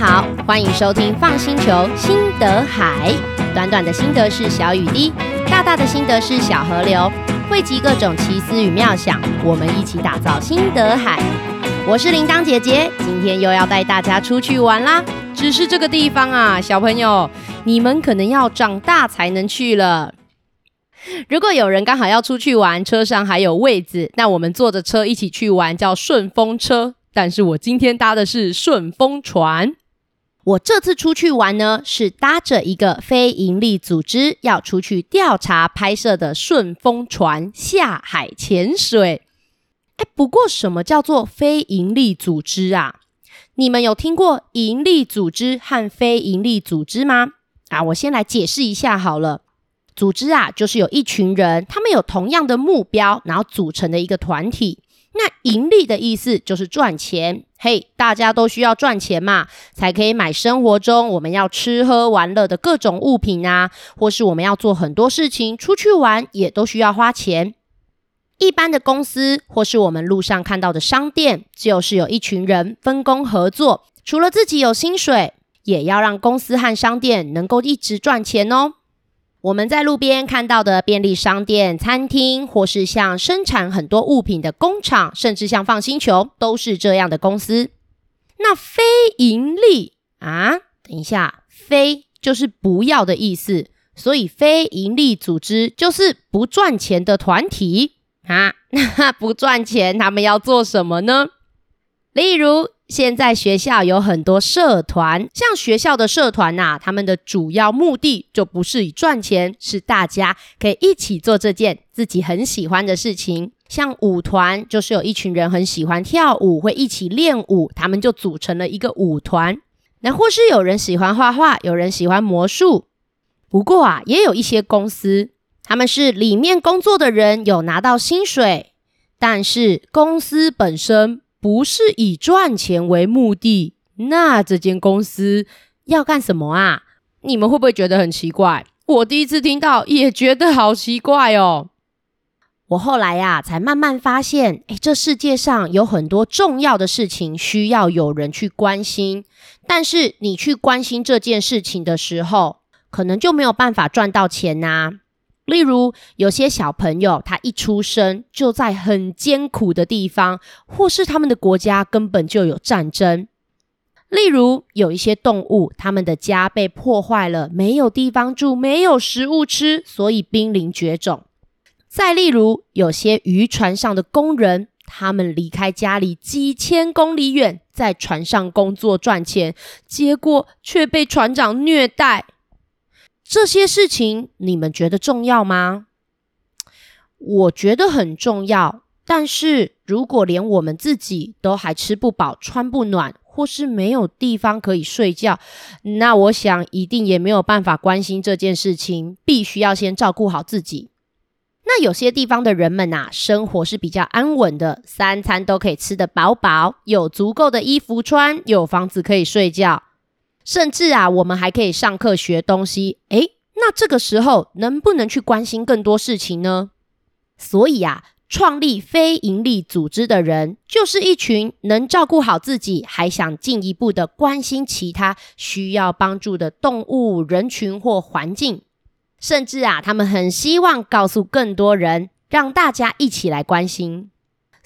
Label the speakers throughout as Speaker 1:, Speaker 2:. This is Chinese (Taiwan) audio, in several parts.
Speaker 1: 好，歡迎收聽《FUN 星球心得海》。短短的心得是小雨滴，大大的心得是小河流，匯集各種奇思與妙想，我們一起打造心得海。我是鈴鐺姐姐，今天又要帶大家出去玩啦。只是這個地方啊，小朋友，你們可能要長大才能去了。如果有人剛好要出去玩，車上還有位子，那我們坐着車一起去玩，叫順風車。但是我今天搭的是順風船。我這次出去玩呢，是搭着一個非營利組織要出去調查拍攝的順風船下海潛水。哎，不過什麼叫做非營利組織啊？你們有聽過營利組織和非營利組織嗎？啊，我先來解釋一下好了。組織啊，就是有一群人，他們有同樣的目標，然後組成的一個團體。那盈利的意思就是賺錢，嘿，hey，大家都需要賺錢嘛，才可以買生活中我們要吃喝玩樂的各種物品啊，或是我們要做很多事情，出去玩也都需要花錢。一般的公司或是我們路上看到的商店，就是有一群人分工合作，除了自己有薪水，也要讓公司和商店能夠一直賺錢哦。我們在路邊看到的便利商店、餐廳，或是像生產很多物品的工廠，甚至像 FUN 星球，都是這樣的公司。那非盈利啊？等一下，非就是不要的意思，所以非盈利組織就是不賺錢的團體啊！那不賺錢，他們要做什麼呢？例如。現在學校有很多社團，像學校的社團吶、啊，他們的主要目的就不是以賺錢，是大家可以一起做這件自己很喜歡的事情。像舞團，就是有一群人很喜歡跳舞，會一起練舞，他們就組成了一個舞團。那或是有人喜歡畫畫，有人喜歡魔術。不過啊，也有一些公司，他們是裡面工作的人有拿到薪水，但是公司本身。不是以賺錢為目的，那這間公司要幹什麼啊？你們會不會覺得很奇怪？我第一次聽到也覺得好奇怪哦。我後來呀，才慢慢發現，哎，這世界上有很多重要的事情需要有人去關心，但是你去關心這件事情的時候，可能就沒有辦法賺到錢吶。例如，有些小朋友他一出生就在很艱苦的地方，或是他們的國家根本就有戰爭。例如，有一些動物，他們的家被破壞了，沒有地方住，沒有食物吃，所以瀕臨絕種。再例如，有些漁船上的工人，他們離開家裡幾千公里遠，在船上工作賺錢，結果卻被船長虐待。這些事情你們覺得重要嗎？我覺得很重要，但是如果連我們自己都還吃不飽、穿不暖，或是沒有地方可以睡覺，那我想一定也沒有辦法關心這件事情。必須要先照顧好自己。那有些地方的人們啊，生活是比較安穩的，三餐都可以吃得飽飽，有足夠的衣服穿，有房子可以睡覺。甚至啊，我們還可以上課學東西。哎，那這個時候能不能去關心更多事情呢？所以啊，創立非營利組織的人，就是一群能照顧好自己，還想進一步的關心其他需要幫助的動物、人群或環境。甚至啊，他們很希望告訴更多人，讓大家一起來關心。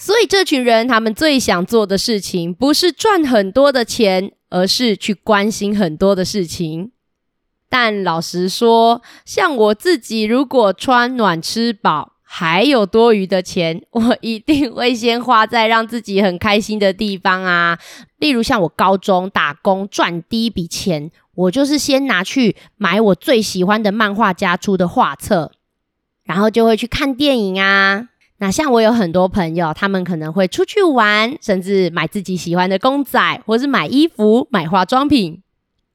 Speaker 1: 所以這群人，他們最想做的事情不是賺很多的錢，而是去關心很多的事情。但老實說，像我自己，如果穿暖吃飽，還有多餘的錢，我一定會先花在讓自己很開心的地方啊。例如像我高中打工賺第一筆錢，我就是先拿去買我最喜歡的漫畫家出的畫冊，然後就會去看電影啊。那像我有很多朋友，他們可能會出去玩，甚至買自己喜歡的公仔，或是買衣服、買化妝品。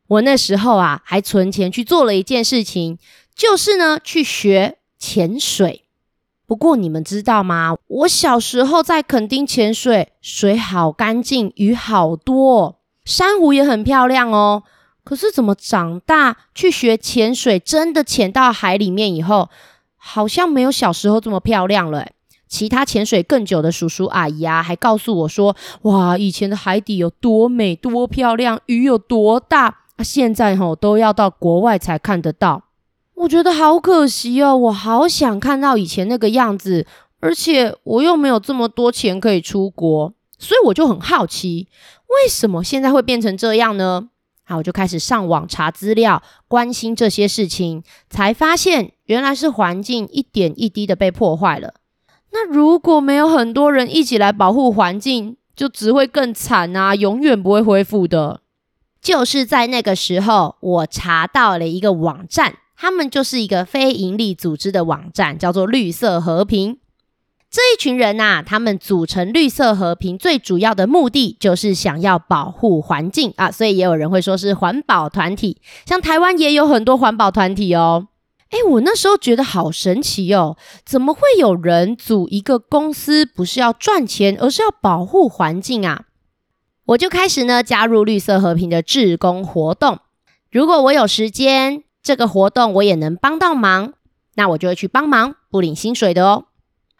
Speaker 1: 我那時候啊，還存錢去做了一件事情，就是呢，去學潛水。不過你們知道嗎？我小時候在墾丁潛水，水好乾淨，魚好多哦，珊瑚也很漂亮哦。可是怎麼長大去學潛水，真的潛到海裡面以後，好像沒有小時候這麼漂亮了。其他潛水更久的叔叔阿姨啊，還告訴我說：“哇，以前的海底有多美、多漂亮，魚有多大，啊，現在吼都要到國外才看得到。”我覺得好可惜哦，我好想看到以前那個樣子，而且我又沒有這麼多錢可以出國，所以我就很好奇，為什麼現在會變成這樣呢？好，我就開始上網查資料，關心這些事情，才發現原來是環境一點一滴的被破壞了。那如果沒有很多人一起來保護環境，就只會更慘啊，永遠不會恢復的。就是在那個時候，我查到了一個網站，他們就是一個非營利組織的網站，叫做“綠色和平”。這一群人吶、啊，他們組成“綠色和平”，最主要的目的就是想要保護環境啊，所以也有人會說是環保團體。像台灣也有很多環保團體哦。哎，我那時候覺得好神奇哦，怎麼會有人組一個公司不是要賺錢，而是要保護環境啊？我就開始呢，加入綠色和平的志工活動。如果我有時間，這個活動我也能幫到忙，那我就會去幫忙，不領薪水的哦。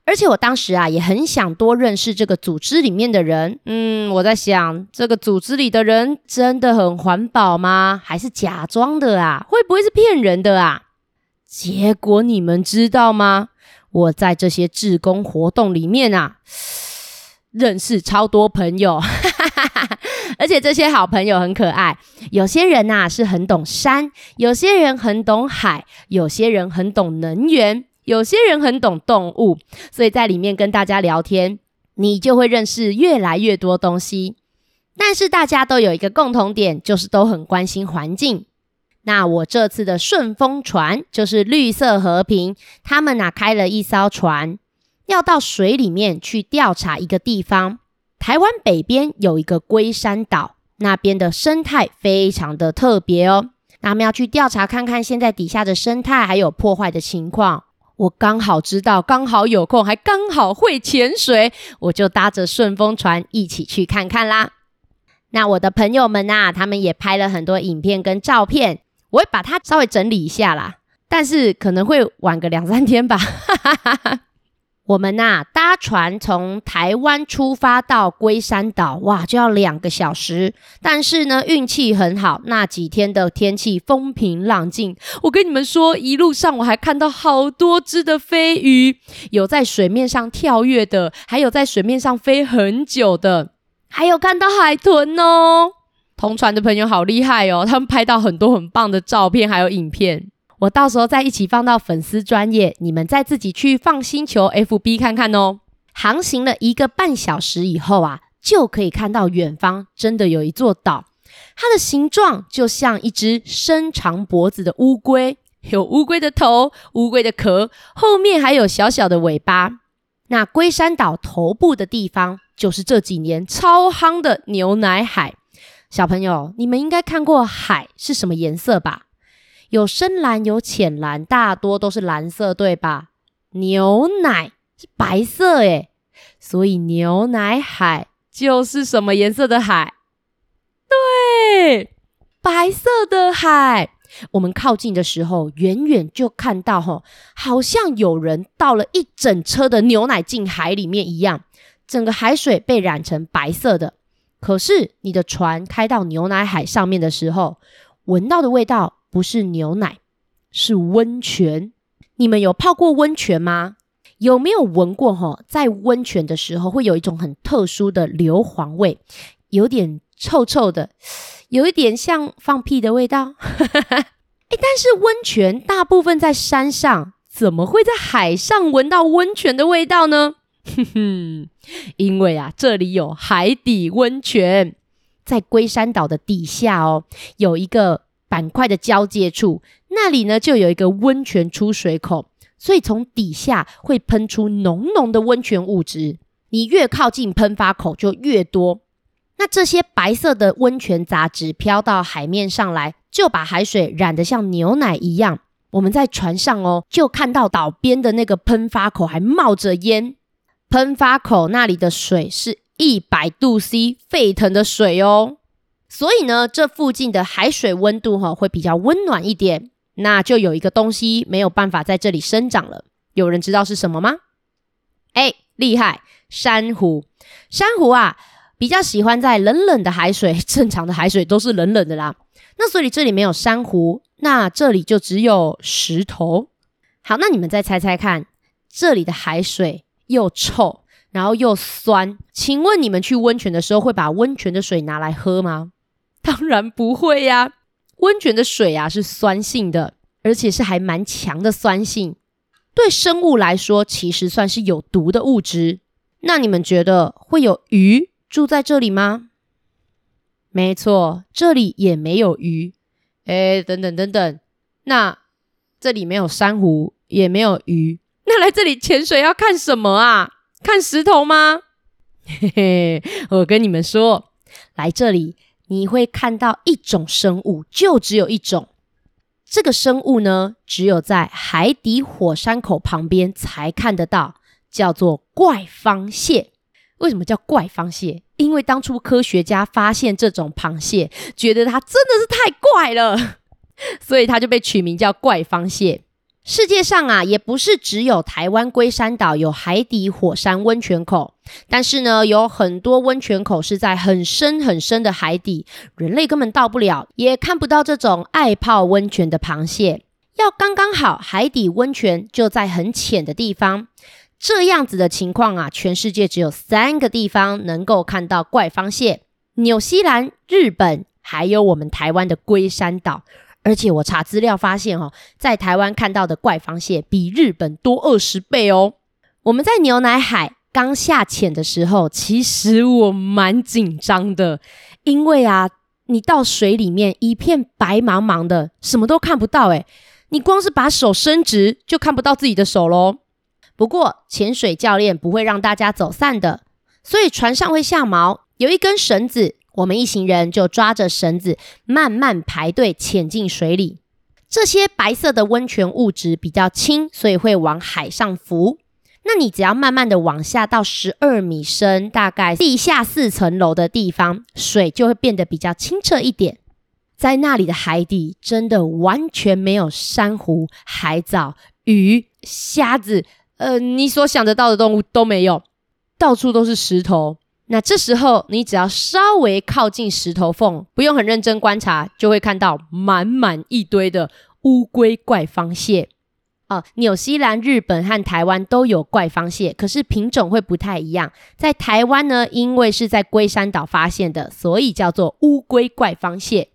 Speaker 1: 而且我當時啊，也很想多認識這個組織裡面的人。嗯，我在想，這個組織裡的人真的很環保嗎？還是假裝的啊？會不會是騙人的啊？結果你們知道嗎？我在這些志工活動裡面啊，認識超多朋友，哈哈哈哈，而且這些好朋友很可愛。有些人吶，啊，是很懂山，有些人很懂海，有些人很懂能源，有些人很懂動物。所以在裡面跟大家聊天，你就會認識越來越多東西。但是大家都有一個共同點，就是都很關心環境。那我這次的順風船就是綠色和平，他們啊，開了一艘船，要到水裡面去調查一個地方。台灣北邊有一個龜山島，那邊的生態非常的特別哦。那我們要去調查看看現在底下的生態還有破壞的情況。我剛好知道，剛好有空，還剛好會潛水，我就搭着順風船一起去看看啦。那我的朋友們啊，他們也拍了很多影片跟照片。我會把它稍微整理一下啦，但是可能會晚個兩三天吧。哈哈，我們吶、啊，搭船從台灣出發到龜山島，哇，就要兩個小時。但是呢，運氣很好，那幾天的天氣風平浪靜。我跟你們說，一路上我還看到好多隻的飛魚，有在水面上跳躍的，還有在水面上飛很久的，還有看到海豚哦。同船的朋友好厲害哦，他們拍到很多很棒的照片，還有影片。我到時候再一起放到粉絲專頁，你們再自己去放星球 FB 看看哦。航行了一個半小時以後啊，就可以看到遠方真的有一座島，它的形狀就像一隻伸長脖子的烏龜，有烏龜的頭、烏龜的殼，後面還有小小的尾巴。那龜山島頭部的地方，就是這幾年超夯的牛奶海。小朋友，你們應該看過海是什麼顏色吧？有深藍，有淺藍，大多都是藍色，對吧？牛奶是白色誒，所以牛奶海就是什麼顏色的海？對，白色的海。我們靠近的時候，遠遠就看到，哦，吼，好像有人倒了一整車的牛奶進海裡面一樣，整個海水被染成白色的。可是，你的船開到牛奶海上面的時候，聞到的味道不是牛奶，是溫泉。你們有泡過溫泉嗎？有沒有聞過？齁，在溫泉的時候，會有一種很特殊的硫磺味，有點臭臭的，有一點像放屁的味道。哎， 但是溫泉大部分在山上，怎麼會在海上聞到溫泉的味道呢？哼哼。因為啊，這裡有海底溫泉，在龜山島的底下哦，有一個板塊的交界處，那裡呢，就有一個溫泉出水口，所以從底下會噴出濃濃的溫泉物質。你越靠近噴發口，就越多。那這些白色的溫泉雜質飄到海面上來，就把海水染得像牛奶一樣。我們在船上哦，就看到島邊的那個噴發口還冒着煙。噴發口那裡的水是一百度 C 沸騰的水哦，所以呢，這附近的海水溫度哈會比較溫暖一點，那就有一個東西沒有辦法在這裡生長了。有人知道是什麼嗎？哎，厲害！珊瑚，珊瑚啊，比較喜歡在冷冷的海水，正常的海水都是冷冷的啦。那所以這裡沒有珊瑚，那這裡就只有石頭。好，那你們再猜猜看，這裡的海水。又臭，然後又酸。請問你們去溫泉的時候會把溫泉的水拿來喝嗎？當然不會呀。溫泉的水啊是酸性的，而且是還蠻強的酸性，對生物來說其實算是有毒的物質。那你們覺得會有魚住在這裡嗎？沒錯，這裡也沒有魚。哎，等等等等，那這裡沒有珊瑚，也沒有魚。那來這裡潛水要看什麼啊？看石頭嗎？嘿嘿，我跟你們說，來這裡你會看到一種生物，就只有一種。這個生物呢，只有在海底火山口旁邊才看得到，叫做怪方蟹。為什麼叫怪方蟹？因為當初科學家發現這種螃蟹，覺得它真的是太怪了，所以它就被取名叫怪方蟹。世界上啊，也不是只有台灣龜山島有海底火山溫泉口，但是呢，有很多溫泉口是在很深很深的海底，人類根本到不了，也看不到這種愛泡溫泉的螃蟹。要剛剛好，海底溫泉就在很淺的地方，這樣子的情況啊，全世界只有三個地方能夠看到怪方蟹：紐西蘭、日本，還有我們台灣的龜山島。而且我查資料發現，哦，在台灣看到的怪方蟹比日本多二十倍哦。我們在牛奶海剛下潛的時候，其實我蠻緊張的，因為啊，你到水裡面一片白茫茫的，什麼都看不到哎。你光是把手伸直，就看不到自己的手嘍。不過潛水教練不會讓大家走散的，所以船上會下錨，有一根繩子。我們一行人就抓着繩子慢慢排隊潛進水裡。這些白色的溫泉物質比較輕，所以會往海上浮。那你只要慢慢地往下到十二米深，大概地下四層樓的地方，水就會變得比較清澈一點。在那裡的海底真的完全沒有珊瑚、海藻、魚、蝦子，呃，你所想得到的動物都沒有，到處都是石頭。那這時候，你只要稍微靠近石頭縫，不用很認真觀察，就會看到滿滿一堆的烏龜怪方蟹。哦，紐西蘭、日本和台灣都有怪方蟹，可是品種會不太一樣。在台灣呢，因為是在龜山島發現的，所以叫做烏龜怪方蟹。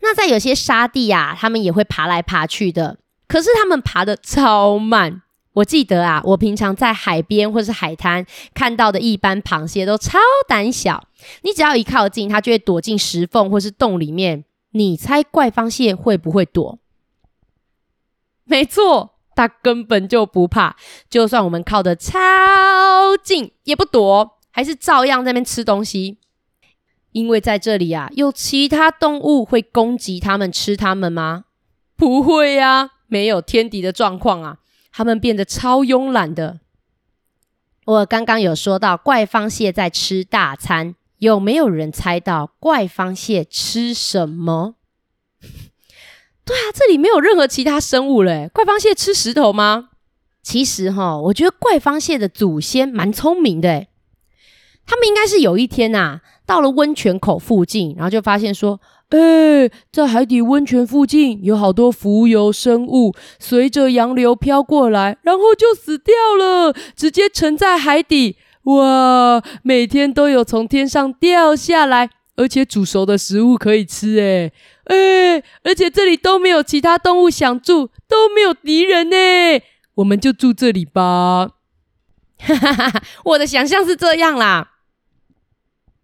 Speaker 1: 那在有些沙地啊，它們也會爬來爬去的，可是它們爬得超慢。我記得啊，我平常在海邊或是海灘看到的一般螃蟹都超膽小，你只要一靠近，它就會躲進石縫或是洞裡面。你猜怪方蟹會不會躲？沒錯，它根本就不怕，就算我們靠得超近也不躲，還是照樣在那邊吃東西。因為在這裡啊，有其他動物會攻擊它們、吃它們嗎？不會呀、啊，沒有天敵的狀況啊。他們變得超慵懶的。我剛剛有說到怪方蟹在吃大餐，有沒有人猜到怪方蟹吃什麼？ 對啊，這裡沒有任何其他生物嘞。怪方蟹吃石頭嗎？其實哈，我覺得怪方蟹的祖先蠻聰明的，他們應該是有一天吶、啊，到了溫泉口附近，然後就發現說。哎、欸，在海底溫泉附近有好多浮游生物，隨着洋流飄過來，然後就死掉了，直接沉在海底。哇，每天都有從天上掉下來，而且煮熟的食物可以吃、欸。哎，哎，而且這裡都沒有其他動物想住，都沒有敵人呢、欸。我們就住這裡吧。哈哈哈哈！我的想象是這樣啦。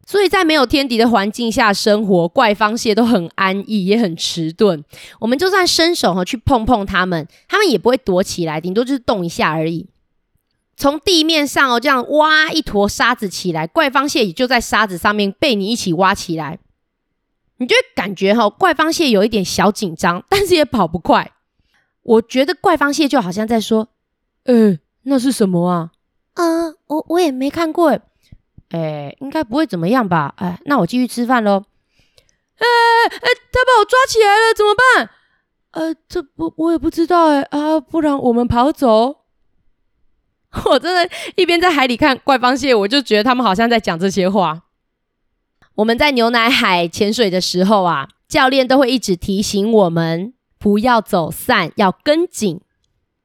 Speaker 1: 所以在沒有天敵的環境下生活，怪方蟹都很安逸，也很遲鈍。我們就算伸手哈去碰碰它們，它們也不會躲起來，頂多就是動一下而已。從地面上哦，這樣挖一坨沙子起來，怪方蟹也就在沙子上面被你一起挖起來，你就會感覺哈、哦，怪方蟹有一點小緊張，但是也跑不快。我覺得怪方蟹就好像在說：“嗯、欸，那是什麼啊？”啊、呃，我我也沒看過。哎，應該不會怎麼樣吧？哎，那我繼續吃飯嘍。哎哎，他把我抓起來了，怎麼辦？呃，這不，我也不知道哎啊，不然我們跑走。我真的，一邊在海裡看怪方蟹，我就覺得他們好像在講這些話。我們在牛奶海潛水的時候啊，教練都會一直提醒我們不要走散，要跟緊。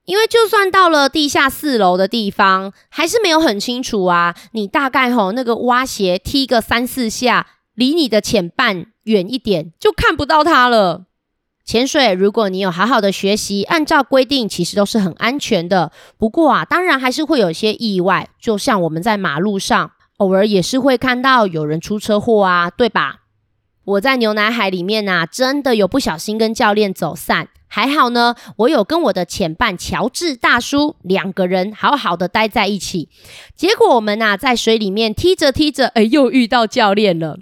Speaker 1: 因為就算到了地下四樓的地方，還是沒有很清楚啊。你大概吼，那個蛙鞋踢個三四下，離你的潛伴遠一點，就看不到他了。潛水，如果你有好好的學習，按照規定其實都是很安全的。不過啊，當然還是會有些意外，就像我們在馬路上，偶爾也是會看到有人出車禍啊，對吧？我在牛奶海裡面啊，真的有不小心跟教練走散，還好呢，我有跟我的潛伴喬治大叔兩個人好好的待在一起。結果我們啊，在水裡面踢着踢着，哎，又遇到教練了。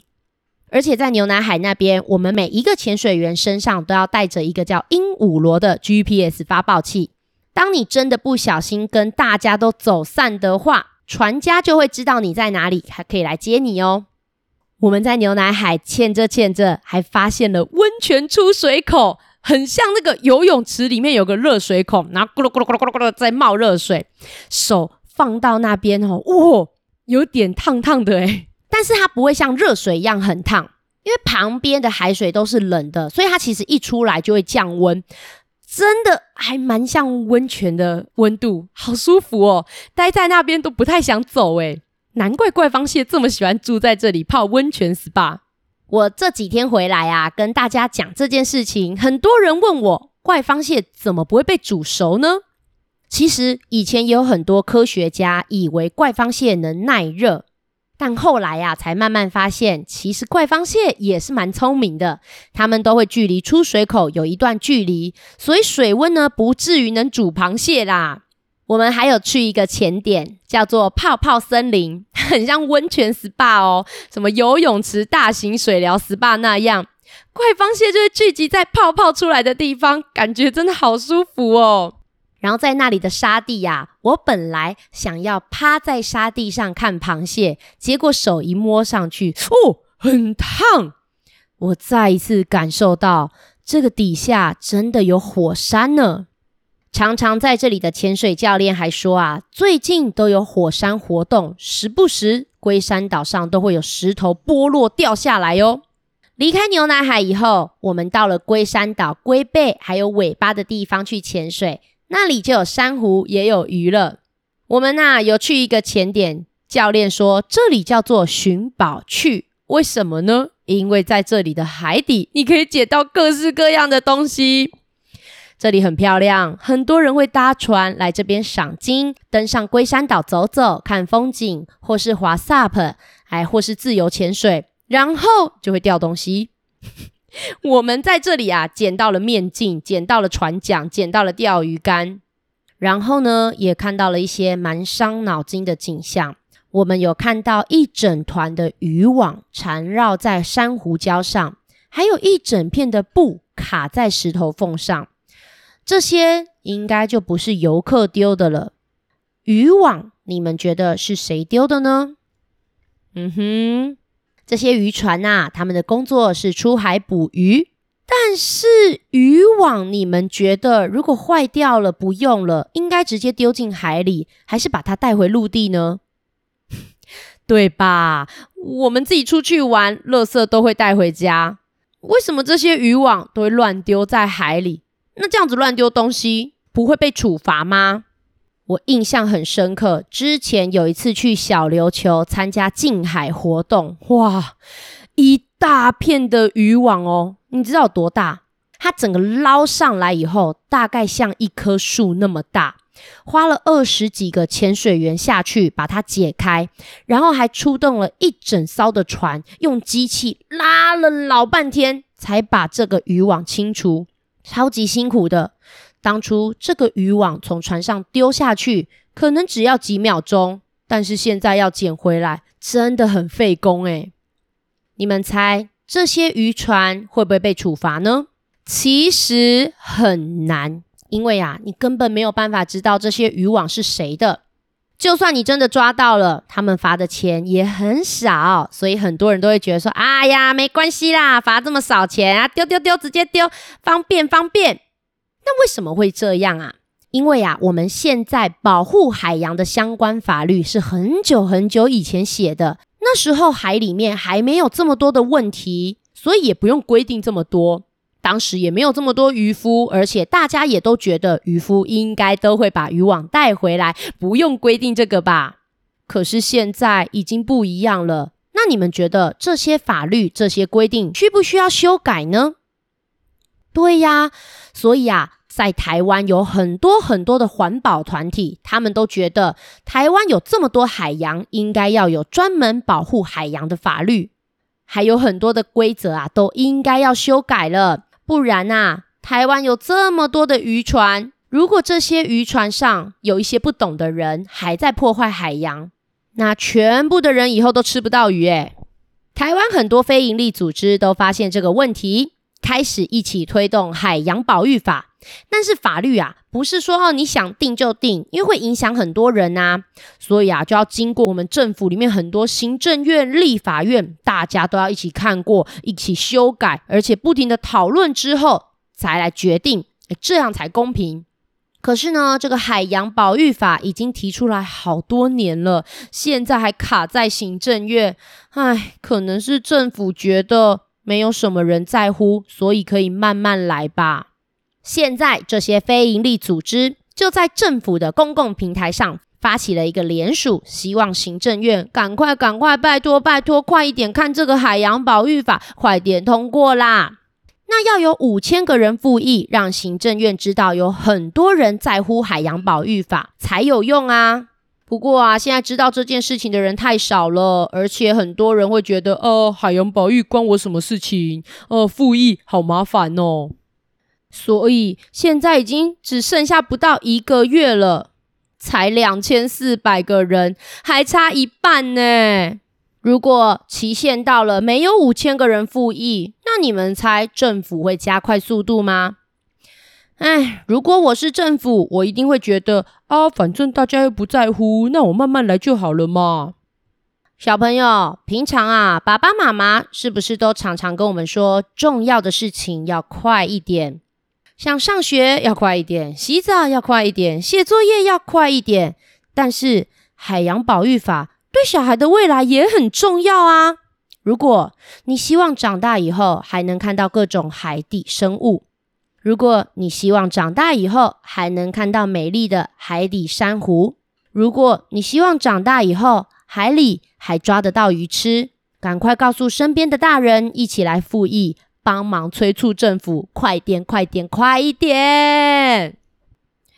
Speaker 1: 而且在牛奶海那邊，我們每一個潛水員身上都要帶着一個叫鸚鵡螺的 GPS 發報器。當你真的不小心跟大家都走散的話，船家就會知道你在哪裡，還可以來接你哦。我們在牛奶海潛著潛著，還發現了溫泉出水口，很像那個游泳池裡面有個熱水孔，然後咕嚕咕嚕咕嚕咕嚕咕嚕，在冒熱水，手放到那邊哦，哇，有點燙燙的誒、欸、但是它不會像熱水一樣很燙，因為旁邊的海水都是冷的，所以它其實一出來就會降溫，真的還蠻像溫泉的溫度，好舒服哦、喔，待在那邊都不太想走哎、欸。難怪怪方蟹這麼喜歡住在這裡泡溫泉 SPA。我這幾天回來啊，跟大家講這件事情，很多人問我怪方蟹怎麼不會被煮熟呢？其實以前也有很多科學家以為怪方蟹能耐熱，但後來啊，才慢慢發現，其實怪方蟹也是蠻聰明的，它們都會距離出水口有一段距離，所以水溫呢，不至於能煮螃蟹啦。我們還有去一個潛點，叫做泡泡森林，很像溫泉 SPA 哦，什麼游泳池、大型水療 SPA 那樣。怪方蟹就會聚集在泡泡出來的地方，感覺真的好舒服哦。然後在那裡的沙地呀、啊，我本來想要趴在沙地上看螃蟹，結果手一摸上去，哦，很燙，我再一次感受到這個底下真的有火山呢。常常在這裡的潛水教練還說啊，最近都有火山活動，時不時龜山島上都會有石頭剝落掉下來喲、哦。離開牛奶海以後，我們到了龜山島龜背還有尾巴的地方去潛水，那裡就有珊瑚，也有魚了。我們那、啊、有去一個潛點，教練說這裡叫做尋寶去，為什麼呢？因為在這裡的海底，你可以撿到各式各樣的東西。這裡很漂亮，很多人會搭船來這邊賞鯨，登上龜山島走走，看風景，或是滑 SUP 還或是自由潛水，然後就會掉東西。 我們在這裡啊，撿到了面鏡，撿到了船槳，撿到了釣魚竿，然後呢，也看到了一些蠻傷腦筋的景象。我們有看到一整團的漁網纏繞在珊瑚礁上，還有一整片的布卡在石頭縫上。這些應該就不是遊客丟的了。漁網，你們覺得是誰丟的呢？嗯哼，這些漁船吶、啊，他們的工作是出海捕魚，但是漁網，你們覺得如果壞掉了、不用了，應該直接丟進海裡，還是把它帶回陸地呢？ 對吧？我們自己出去玩，垃圾都會帶回家，為什麼這些漁網都會亂丟在海裡？那這樣子亂丟東西不會被處罰嗎？我印象很深刻，之前有一次去小琉球參加淨海活動，哇，一大片的漁網哦，你知道有多大？它整個撈上來以後，大概像一棵樹那麼大，花了二十幾個潛水員下去把它解開，然後還出動了一整艘的船，用機器拉了老半天才把這個漁網清除。超級辛苦的，當初這個漁網從船上丟下去，可能只要幾秒鐘，但是現在要撿回來，真的很費工欸。你們猜這些漁船會不會被處罰呢？其實很難，因為呀，你根本沒有辦法知道這些漁網是誰的。就算你真的抓到了，他們罰的錢也很少，所以很多人都會覺得說：“哎呀，沒關係啦，罰這麼少錢啊，丢丢丢，直接丟，方便方便。”那為什麼會這樣啊？因為啊，我們現在保護海洋的相關法律是很久很久以前寫的，那時候海裡面還沒有這麼多的問題，所以也不用規定這麼多。當時也沒有這麼多漁夫，而且大家也都覺得漁夫應該都會把漁網帶回來，不用規定這個吧。可是現在已經不一樣了，那你們覺得這些法律、這些規定需不需要修改呢？對呀，啊，所以啊，在台灣有很多很多的環保團體，他們都覺得台灣有這麼多海洋，應該要有專門保護海洋的法律，還有很多的規則啊，都應該要修改了。不然吶、啊，台灣有這麼多的漁船，如果這些漁船上有一些不懂的人還在破壞海洋，那全部的人以後都吃不到魚誒。台灣很多非營利組織都發現這個問題，開始一起推動海洋保育法。但是法律啊，不是說哦你想定就定，因為會影響很多人吶、啊，所以啊就要經過我們政府裡面很多行政院、立法院，大家都要一起看過、一起修改，而且不停的討論之後才來決定，這樣才公平。可是呢，這個海洋保育法已經提出來好多年了，現在還卡在行政院，唉，可能是政府覺得沒有什麼人在乎，所以可以慢慢來吧。現在這些非營利組織就在政府的公共平台上發起了一個聯署，希望行政院趕快、趕快，拜託、拜託，快一點看這個海洋保育法，快點通過啦！那要有五千個人附議，讓行政院知道有很多人在乎海洋保育法才有用啊。不過啊，現在知道這件事情的人太少了，而且很多人會覺得，呃，海洋保育關我什麼事情？呃，附議好麻煩哦。所以現在已經只剩下不到一個月了，才兩千四百個人，還差一半呢。如果期限到了沒有五千個人附議，那你們猜政府會加快速度嗎？哎，如果我是政府，我一定會覺得啊，反正大家又不在乎，那我慢慢來就好了嘛。小朋友，平常啊，爸爸媽媽是不是都常常跟我們說，重要的事情要快一點？想上學要快一點，洗澡要快一點，寫作業要快一點。但是海洋保育法對小孩的未來也很重要啊！如果你希望長大以後還能看到各種海底生物，如果你希望長大以後還能看到美麗的海底珊瑚，如果你希望長大以後海裡還抓得到魚吃，趕快告訴身邊的大人，一起來附議。幫忙催促政府，快點，快點，快一點！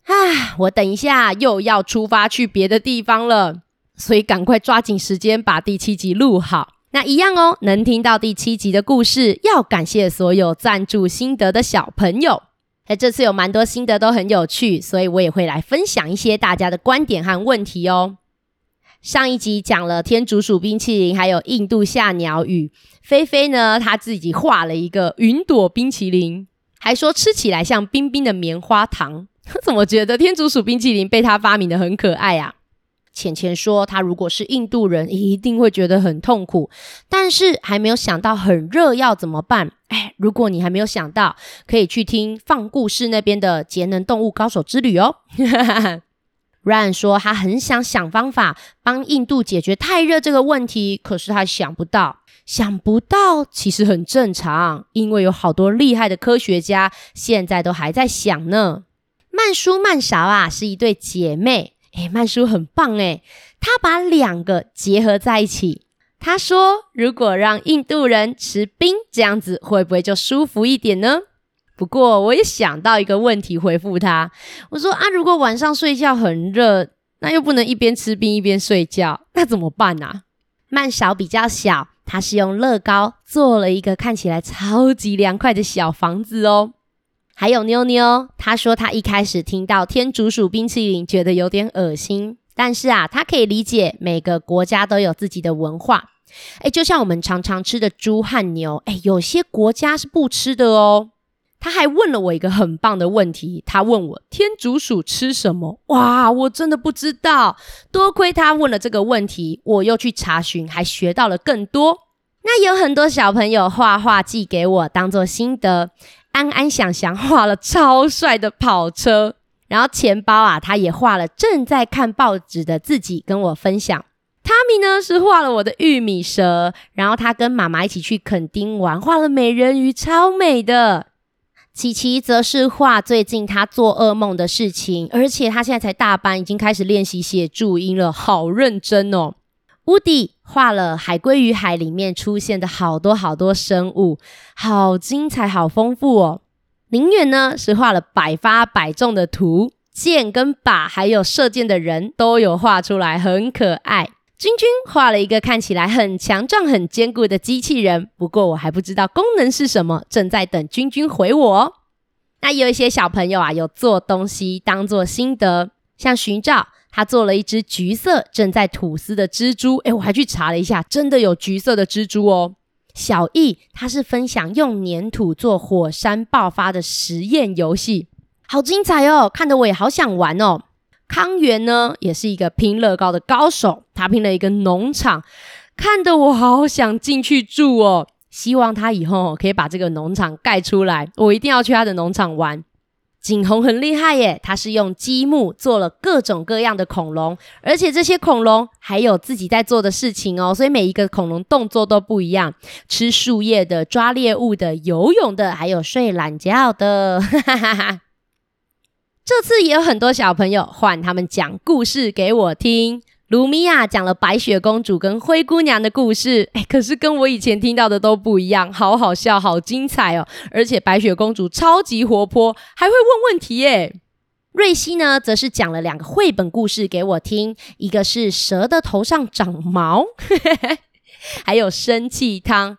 Speaker 1: 啊，我等一下又要出發去別的地方了，所以趕快抓緊時間把第七集錄好。那一樣哦，能聽到第七集的故事，要感謝所有贊助心得的小朋友。哎，這次有蠻多心得都很有趣，所以我也會來分享一些大家的觀點和問題哦。上一集講了天竺鼠冰淇淋，還有印度下鳥語。菲菲呢，他自己畫了一個雲朵冰淇淋，還說吃起來像冰冰的棉花糖。怎麼覺得天竺鼠冰淇淋被他發明得很可愛呀、啊？淺淺說，他如果是印度人，一定會覺得很痛苦，但是還沒有想到很熱要怎麼辦。唉，如果你還沒有想到，可以去聽放故事那邊的節能動物高手之旅哦、喔。 Ran 說，他很想想方法幫印度解決太熱這個問題，可是他想不到，想不到其實很正常，因為有好多厲害的科學家現在都還在想呢。曼叔曼勺啊，是一對姐妹，誒，曼叔很棒誒，他把兩個結合在一起。他說，如果讓印度人吃冰，這樣子會不會就舒服一點呢？不過我也想到一個問題，回復他，我說啊，如果晚上睡覺很熱，那又不能一邊吃冰一邊睡覺，那怎麼辦啊？曼少比較小，他是用樂高做了一個看起來超級涼快的小房子哦。還有妞妞，他說他一開始聽到天竺鼠冰淇淋覺得有點噁心，但是啊，他可以理解每個國家都有自己的文化，誒，就像我們常常吃的豬和牛，誒，有些國家是不吃的哦。他還問了我一個很棒的問題，他問我天竺鼠吃什麼？哇，我真的不知道。多虧他問了這個問題，我又去查詢，還學到了更多。那有很多小朋友畫畫寄給我當做心得。安安想想畫了超帥的跑車，然後錢包啊，他也畫了正在看報紙的自己跟我分享。湯米呢是畫了我的玉米蛇，然後他跟媽媽一起去墾丁玩，畫了美人魚，超美的。琪琪則是畫最近她做噩夢的事情，而且她現在才大班，已經開始練習寫注音了，好認真哦。烏迪畫了海龜與海裡面出現的好多好多生物，好精彩，好豐富哦。寧遠呢是畫了百發百中的圖，箭跟靶，還有射箭的人都有畫出來，很可愛。君君畫了一個看起來很強壯、很堅固的機器人，不過我還不知道功能是什麼，正在等君君回我。那有一些小朋友啊，有做東西當做心得，像尋找，他做了一隻橘色正在吐絲的蜘蛛。誒，我還去查了一下，真的有橘色的蜘蛛哦。小易，他是分享用粘土做火山爆發的實驗遊戲，好精彩哦，看得我也好想玩哦。康源呢，也是一個拼樂高的高手，他拼了一個農場，看得我好想進去住哦。希望他以後可以把這個農場蓋出來，我一定要去他的農場玩。景洪很厲害耶，他是用積木做了各種各樣的恐龍，而且這些恐龍還有自己在做的事情哦，所以每一個恐龍動作都不一樣，吃樹葉的、抓獵物的、游泳的，還有睡懶覺的，哈哈哈哈。這次也有很多小朋友換他們講故事給我聽。盧米婭講了白雪公主跟灰姑娘的故事誒，可是跟我以前聽到的都不一樣，好好笑，好精彩哦！而且白雪公主超級活潑，還會問問題耶。瑞西呢，則是講了兩個繪本故事給我聽，一個是蛇的頭上長毛，呵呵還有生氣湯。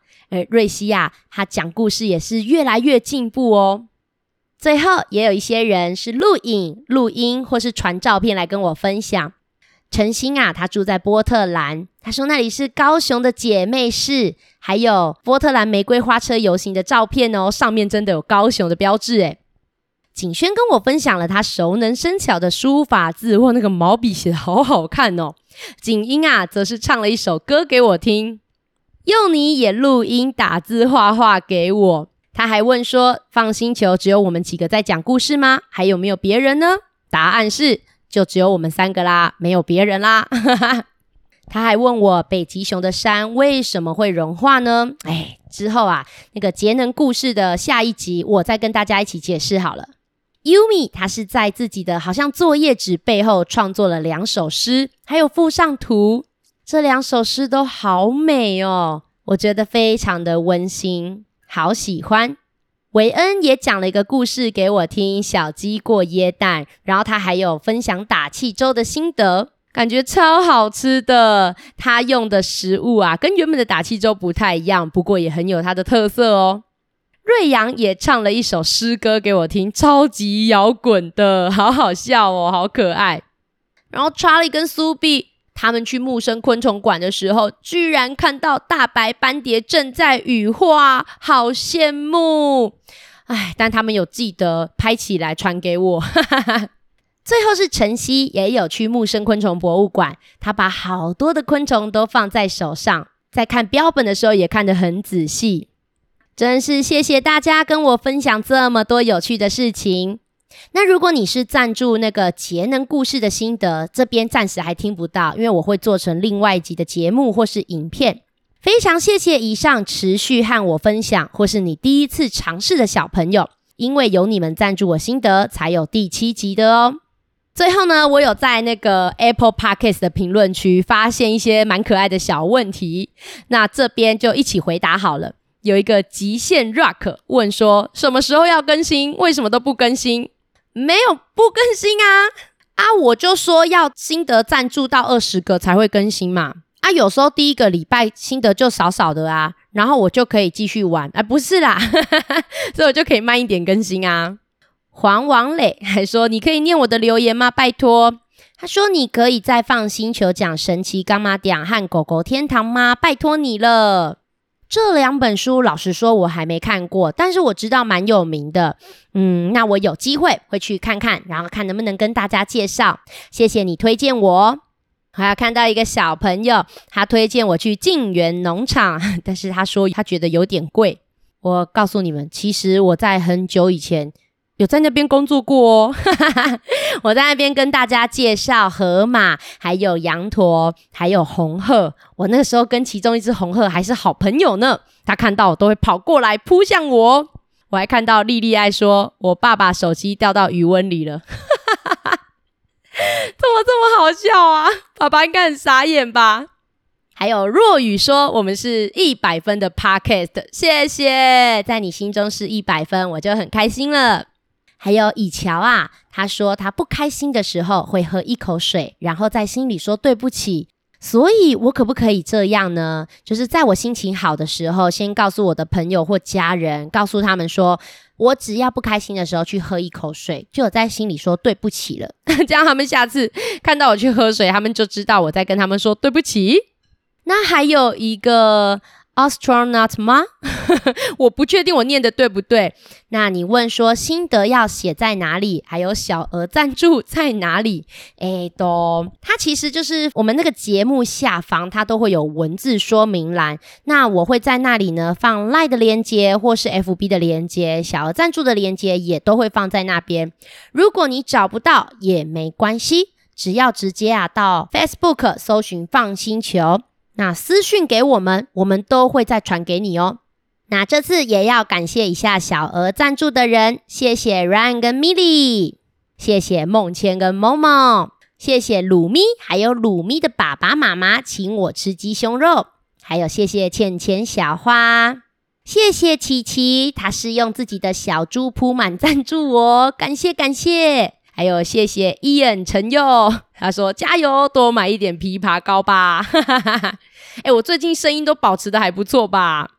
Speaker 1: 瑞西呀、啊，她講故事也是越來越進步哦。最後也有一些人是錄影、錄音或是傳照片來跟我分享。晨星啊，他住在波特蘭，他說那裡是高雄的姐妹市，還有波特蘭玫瑰花車遊行的照片哦，上面真的有高雄的標志哎。景軒跟我分享了他熟能生巧的書法字，哇，那個毛筆寫得好好看哦。景音啊，則是唱了一首歌給我聽，用你也錄音、打字、畫畫給我。他還問說：“FUN 星球只有我們幾個在講故事嗎？還有沒有別人呢？”答案是，就只有我們三個啦，沒有別人啦。哈哈，他還問我：“北極熊的山為什麼會融化呢？”哎，之後啊，那個節能故事的下一集，我再跟大家一起解釋好了。Yumi 他是在自己的好像作業紙背後創作了兩首詩，還有附上圖，這兩首詩都好美哦，我覺得非常的溫馨。好喜歡，維恩也講了一個故事給我聽，小雞過椰蛋，然後他還有分享打氣粥的心得，感覺超好吃的。他用的食物啊，跟原本的打氣粥不太一樣，不過也很有它的特色哦。瑞陽也唱了一首詩歌給我聽，超級搖滾的，好好笑哦，好可愛。然後查理跟蘇比，他們去木生昆蟲館的時候，居然看到大白斑蝶正在羽化，好羨慕！哎，但他們有記得拍起來傳給我。 最後是晨曦，也有去木生昆蟲博物館，他把好多的昆蟲都放在手上，在看標本的時候也看得很仔細。真是謝謝大家跟我分享這麼多有趣的事情。那如果你是贊助那個節能故事的心得，這邊暫時還聽不到，因為我會做成另外一集的節目或是影片。非常謝謝以上持續和我分享或是你第一次嘗試的小朋友，因為有你們贊助我心得，才有第七集的哦。最後呢，我有在那個 Apple Podcast 的評論區發現一些蠻可愛的小問題，那這邊就一起回答好了。有一個極限 Rock 問說，什麼時候要更新？為什麼都不更新？沒有不更新啊！啊，我就說要心得贊助到二十個才會更新嘛！啊，有時候第一個禮拜心得就少少的啊，然後我就可以繼續玩，啊，不是啦， 所以我就可以慢一點更新啊。黃王磊還說：“你可以念我的留言嗎？拜託。”他說：“你可以再放星球講神奇乾媽獎和狗狗天堂嗎？拜託你了。”這兩本書，老實說，我還沒看過，但是我知道蠻有名的。嗯，那我有機會會去看看，然後看能不能跟大家介紹。謝謝你推薦我，還要看到一個小朋友，他推薦我去晉源農場，但是他說他覺得有點貴。我告訴你們，其實我在很久以前，有在那邊工作過，哦。 我在那邊跟大家介紹河馬，還有羊駝，還有紅鶴。我那時候跟其中一隻紅鶴還是好朋友呢，它看到我都會跑過來撲向我。我還看到莉莉愛說：“我爸爸手機掉到魚塭裡了。 ”哈哈哈哈怎麼這麼好笑啊？爸爸應該很傻眼吧？還有若雨說：“我們是一百分的 podcast。謝謝，在你心中是一百分，我就很開心了。”還有以喬啊，他說他不開心的時候會喝一口水，然後在心裡說對不起。所以我可不可以這樣呢？就是在我心情好的時候，先告訴我的朋友或家人，告訴他們說我只要不開心的時候去喝一口水，就有在心裡說對不起了。 這樣他們下次看到我去喝水，他們就知道我在跟他們說對不起。那還有一個。astronaut 嗎？ 我不確定我念的對不對。那你問說心得要寫在哪裡？還有小額贊助在哪裡？誒、欸，都，它其實就是我們那個節目下方，它都會有文字說明欄。那我會在那裡呢放 Line 的鏈接或是 FB 的鏈接，小額贊助的鏈接也都會放在那邊。如果你找不到也沒關係，只要直接啊到 Facebook 搜尋 FUN 星球。那私訊給我們，我們都會再傳給你哦。那這次也要感謝一下小額贊助的人，謝謝 Ryan 跟 Mini，謝謝孟謙跟 Momo，謝謝魯咪還有魯咪的爸爸媽媽請我吃雞胸肉，還有謝謝倩倩小花，謝謝琪琪，她是用自己的小豬鋪滿贊助我，哦，感謝感謝。還有謝謝 Ian 陳佑，他說加油，多買一點枇杷膏吧。哎、 欸，我最近聲音都保持得還不錯吧？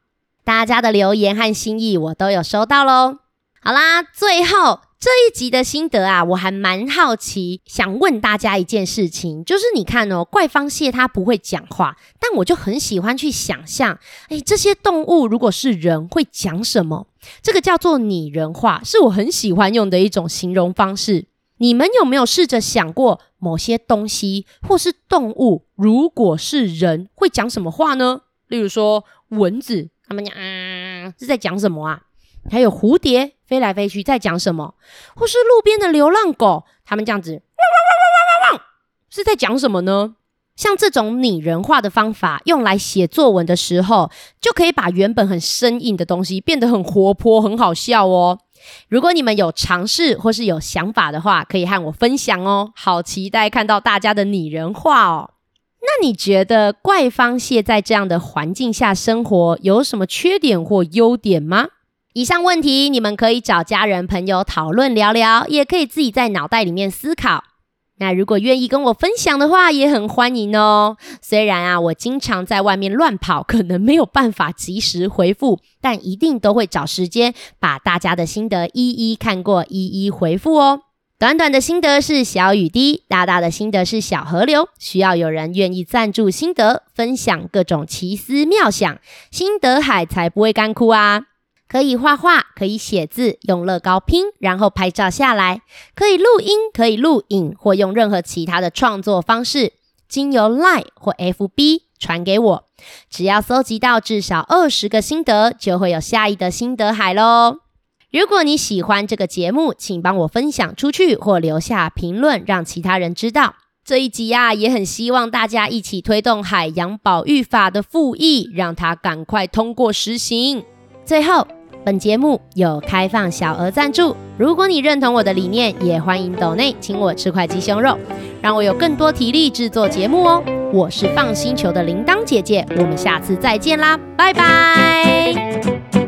Speaker 1: 大家的留言和心意我都有收到嘍。好啦，最後這一集的心得啊，我還蠻好奇，想問大家一件事情，就是你看哦，怪方蟹它不會講話，但我就很喜歡去想象，哎、欸，這些動物如果是人會講什麼？這個叫做擬人化，是我很喜歡用的一種形容方式。你們有沒有試着想過某些東西或是動物，如果是人，會講什麼話呢？例如說蚊子，他們啊、呃，是在講什麼啊？還有蝴蝶飛來飛去，在講什麼？或是路邊的流浪狗，他們這樣子汪汪汪汪汪汪，是在講什麼呢？像這種擬人化的方法，用來寫作文的時候，就可以把原本很生硬的東西變得很活潑、很好笑哦。如果你們有嘗試或是有想法的話，可以和我分享哦。好期待看到大家的擬人化哦。那你覺得怪方蟹在這樣的環境下生活有什麼缺點或優點嗎？以上問題，你們可以找家人朋友討論聊聊，也可以自己在腦袋裡面思考。那如果願意跟我分享的話，也很歡迎哦。雖然啊，我經常在外面亂跑，可能沒有辦法及時回復，但一定都會找時間把大家的心得一一看過，一一回復哦。短短的心得是小雨滴，大大的心得是小河流，需要有人願意贊助心得，分享各種奇思妙想，心得海才不會乾枯啊。可以畫畫，可以寫字，用樂高拼，然後拍照下來；可以錄音，可以錄影，或用任何其他的創作方式，經由 Line 或 FB 傳給我。只要蒐集到至少二十個心得，就會有下一的心得海嘍。如果你喜歡這個節目，請幫我分享出去，或留下評論，讓其他人知道。這一集呀、啊，也很希望大家一起推動《海洋保育法》的附議，讓它趕快通過實行。最後，本節目有開放小額贊助。如果你認同我的理念，也歡迎斗內請我吃塊雞胸肉，讓我有更多體力制作節目哦。我是 FUN 星球的鈴鐺姐姐，我們下次再見啦，拜拜。